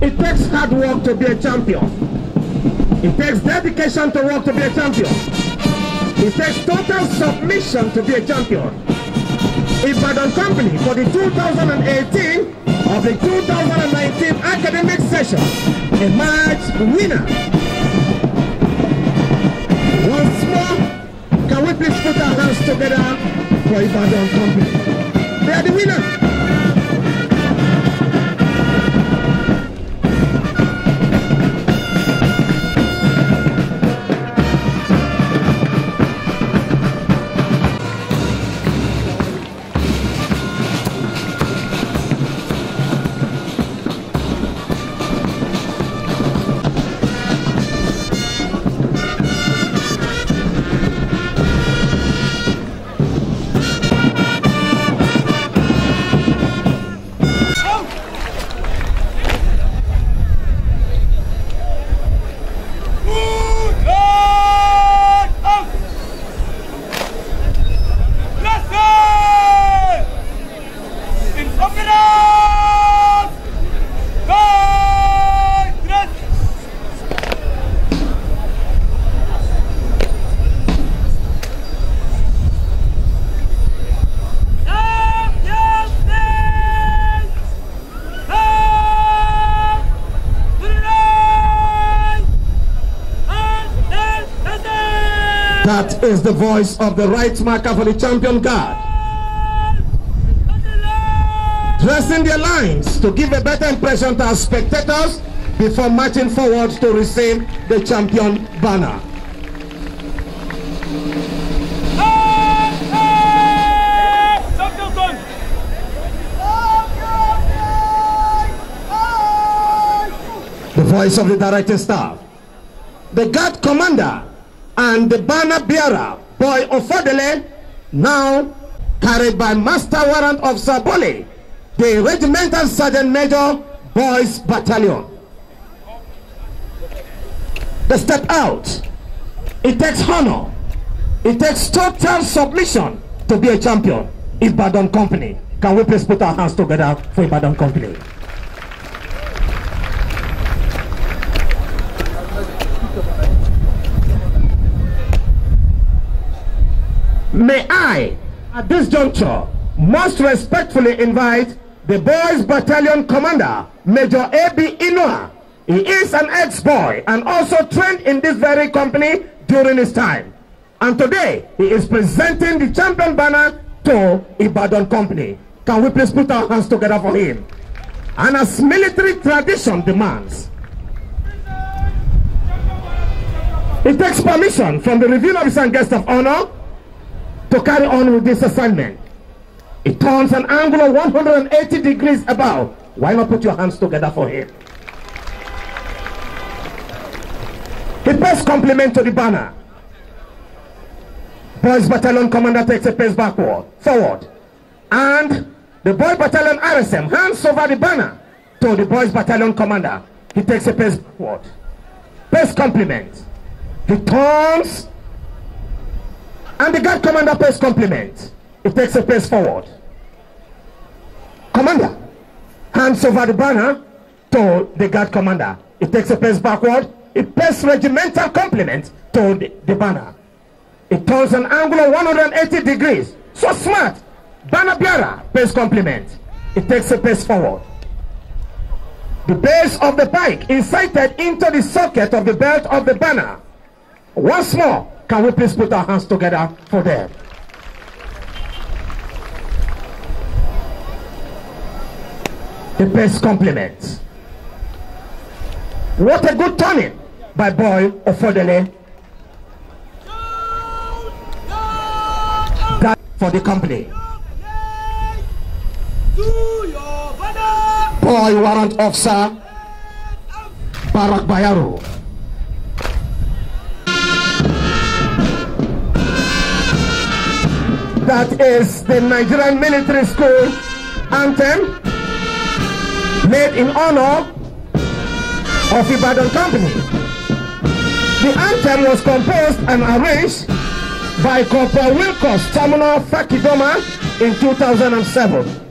It takes hard work to be a champion. It takes dedication to work to be a champion. It takes total submission to be a champion. Ibadan Company for the 2018 of the 2019 academic session emerged winner. Once more, can we please put our hands together for Ibadan Company? They are the winner. Is the voice of the right marker for the champion guard. Dressing their lines to give a better impression to our spectators before marching forward to receive the champion banner. The voice of the directing staff. The guard commander and the banner bearer, Boy Ofodele, now carried by Master Warrant of Saboli, the Regimental Sergeant Major Boys Battalion. They step out. It takes honor. It takes total submission to be a champion. Ibadan Company. Can we please put our hands together for Ibadan Company? May I, at this juncture, most respectfully invite the Boys Battalion Commander, Major A.B. Inua. He is an ex-boy and also trained in this very company during his time. And today, he is presenting the champion banner to Ibadan Company. Can we please put our hands together for him? And as military tradition demands, it takes permission from the reveal officer and guest of honor to carry on with this assignment. It turns an angle of 180 degrees about. Why not put your hands together for him? He pays compliment to the banner. Boys Battalion Commander takes a pace backward, forward. And the Boy Battalion RSM hands over the banner to the Boys Battalion Commander. He takes a pace backward. Pace compliment. He turns and the guard commander pays compliment. He takes a pace forward. Commander hands over the banner to the guard commander. He takes a pace backward. He pays regimental compliment to the, the banner. It turns an angle of 180 degrees. So smart. Banner bearer pays compliment. It takes a pace forward. The base of the pike incited into the socket of the belt of the banner. Once more, can we please put our hands together for them? The best compliment. What a good turning by boy Ofodele. That for the company. Boy warrant officer Barak Bayaro. that is the Nigerian Military School anthem made in honor of Ibadan Company. The anthem was composed and arranged by Corporal Wilcox, Terminal Fakidoma in 2007.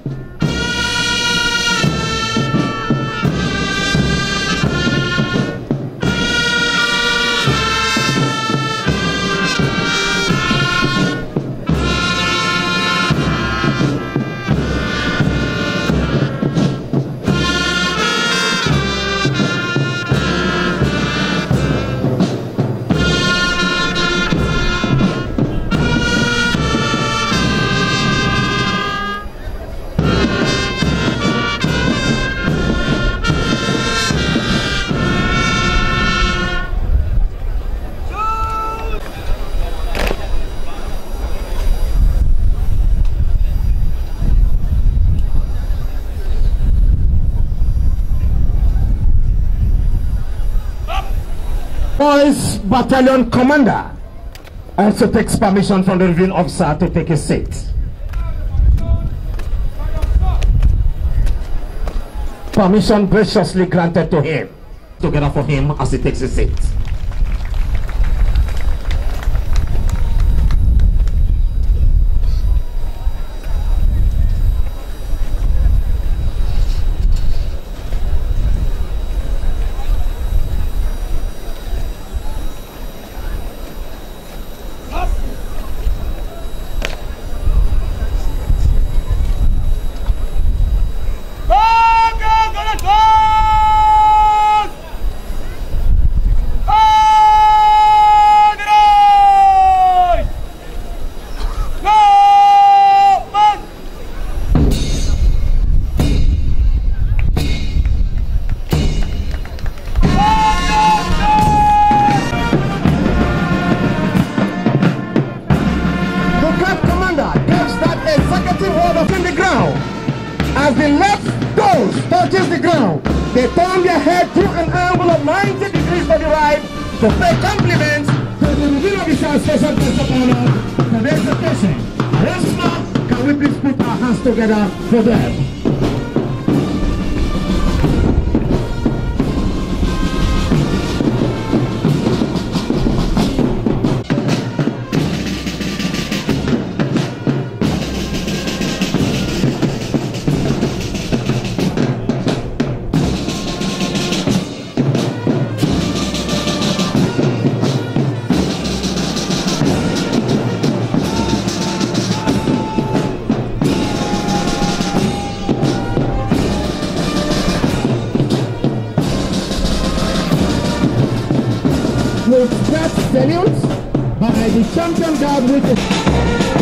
boys battalion commander also takes permission from the reviewing officer to take a seat. Permission graciously granted to him. Together for him as he takes a seat. They turn their head to an angle of 90 degrees to the right to pay compliments to the Reveal Official Station Principal of the Station. Once more, can we please put our hands together for them? salute by the champion God with